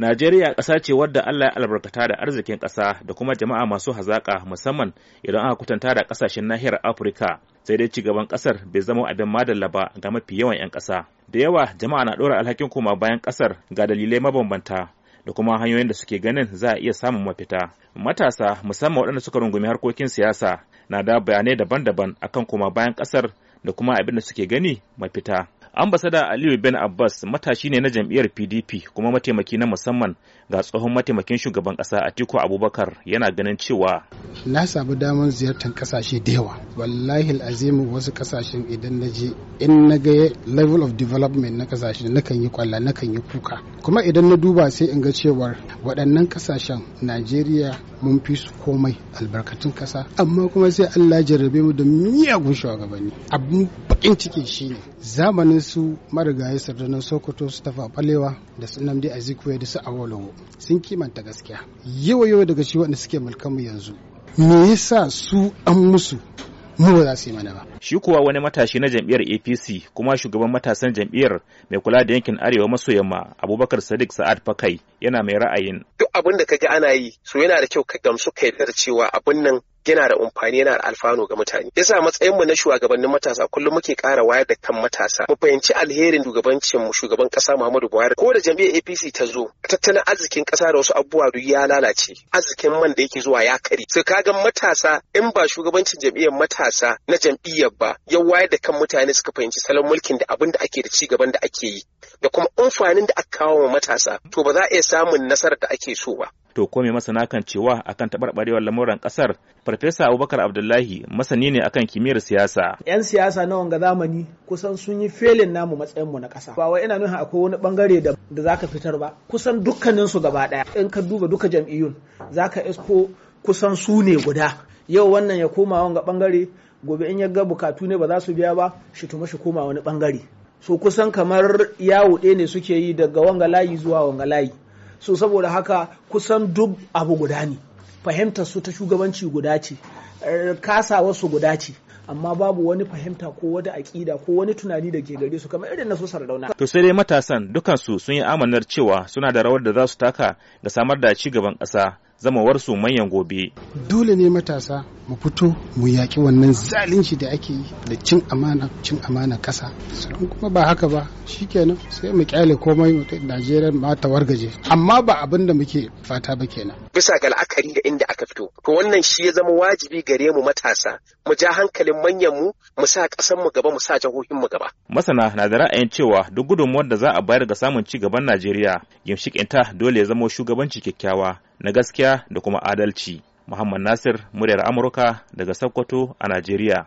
Najeriya ƙasa ce wadda Allah ya albarkata da arzikin ƙasa da kuma jama'a masu hazaƙa musamman idan aka kwatanta da ƙasashen nahiyar Afirka. Sai dai ci gaban ƙasar bai zama abin madalla ba ga mafi yawan 'yan ƙasa. Da yawa jama'a na ɗora alhakin koma bayan ƙasar ga dalilai mabambanta da kuma hanyoyin da suke ganin za a iya samun mafita. Matasa musamman waɗanda suka rungumi harkokin siyasa na da bayanai daban-daban akan koma bayan ƙasar da kuma abin da suke gani mafita. ambasada aliyu ben abbas matashi ne na jam'iyyar pdp kuma mataimaki na musamman ga tsohon mataimakin shugaban kasa atiku abubakar yana ganin cewa na samu damar ziyartar kasashe da yawa wallahi azimu wasu kasashen idan na in na ga level of development na kasashe na kan yi kwalla na kan yi kuka kuma idan na duba sai in ga cewar waɗannan kasashen najeriya mun fi su komai albarkatun kasa amma kuma sai Allah jarrabe mu da miyagun shugabanni abin bakin ciki shine zamanin su marigayi sardunan Sokoto su tafa balewa da su Nnamdi Azikiwe da su Awolowo sun kimanta gaskiya yawa yawa daga shi wanda suke mulkan mu yanzu me yasa su an musu mu ba za su yi mana ba. Shi kuwa wani matashi na jam'iyyar APC kuma shugaban matasan jam'iyyar mai kula da yankin Arewa maso yamma Abubakar Sadiq Sa'ad Fakai yana mai ra'ayin. Duk abin da kaji ana yi so yana da kyau ka gamsu ka yarda cewa abin nan yana da amfani yana da alfano ga mutane yasa matsayin mu na shugabannin matasa kullum muke ƙara wayar da kan matasa mu fahimci alherin shugabancin mu shugaban kasa Muhammadu Buhari ko da jami'ar APC ta zo tattalin arzikin kasa da wasu abubuwa duk ya lalace arzikin man da yake zuwa ya kare sai kaga matasa in ba shugabancin jami'ar matasa na jam'iyyar ba ya wayar da kan mutane suka fahimci salon mulkin da abin da ake da ci gaban da ake yi da kuma amfanin da aka kawo wa matasa to ba za a iya samun nasarar da ake so ba To ko mai masana kan cewa akan taɓarɓarewar lamuran ƙasar? Farfesa Abubakar Abdullahi masani ne akan kimiyyar siyasa. 'Yan siyasa na wanga zamani kusan sun yi felin namu matsayinmu na kasa Ba wai ina nuna akwai wani bangare da da zaka fitar ba. Kusan dukkanin su gaba ɗaya. In ka duba duka jam'iyyun zaka isko kusan su ne guda. Yau wannan ya koma wanga bangare gobe in ya ga bukatu ne ba za su biya ba shi tuma shi koma wani bangare. So kusan kamar yawo ɗaya ne suke yi daga wanga layi zuwa wanga layi. so saboda haka kusan duk abu guda ne fahimtar su ta shugabanci guda ce er, kasa wasu guda ce amma babu wani fahimta ko wani aƙida ko wani tunani da ke gare su kamar irin na sosar rauna To sai dai matasan dukansu sun yi amanar cewa suna da rawar da za su taka ga samar da ci gaban ƙasa zamawarsu manyan gobe. Dole ne matasa mu fito mu yaƙi wannan zalunci da ake yi da cin amana cin amana ƙasa. Sannan kuma ba haka ba shikenan sai mu kyale komai mu Najeriya ma ta wargaje. Amma ba abin da muke fata ba kenan. Bisa ga la'akari da inda aka fito. To wannan shi ya zama wajibi gare mu matasa mu ja hankalin manyan mu mu sa ƙasar mu gaba mu sa jahohin mu gaba. Masana na da ra'ayin cewa duk gudunmuwar da za a bayar ga samun ci gaban Najeriya ginshiƙin dole ya zama shugabanci kyakkyawa na gaskiya da kuma adalci. Muhammad Nasir, muryar Amurka daga Sokoto a Najeriya.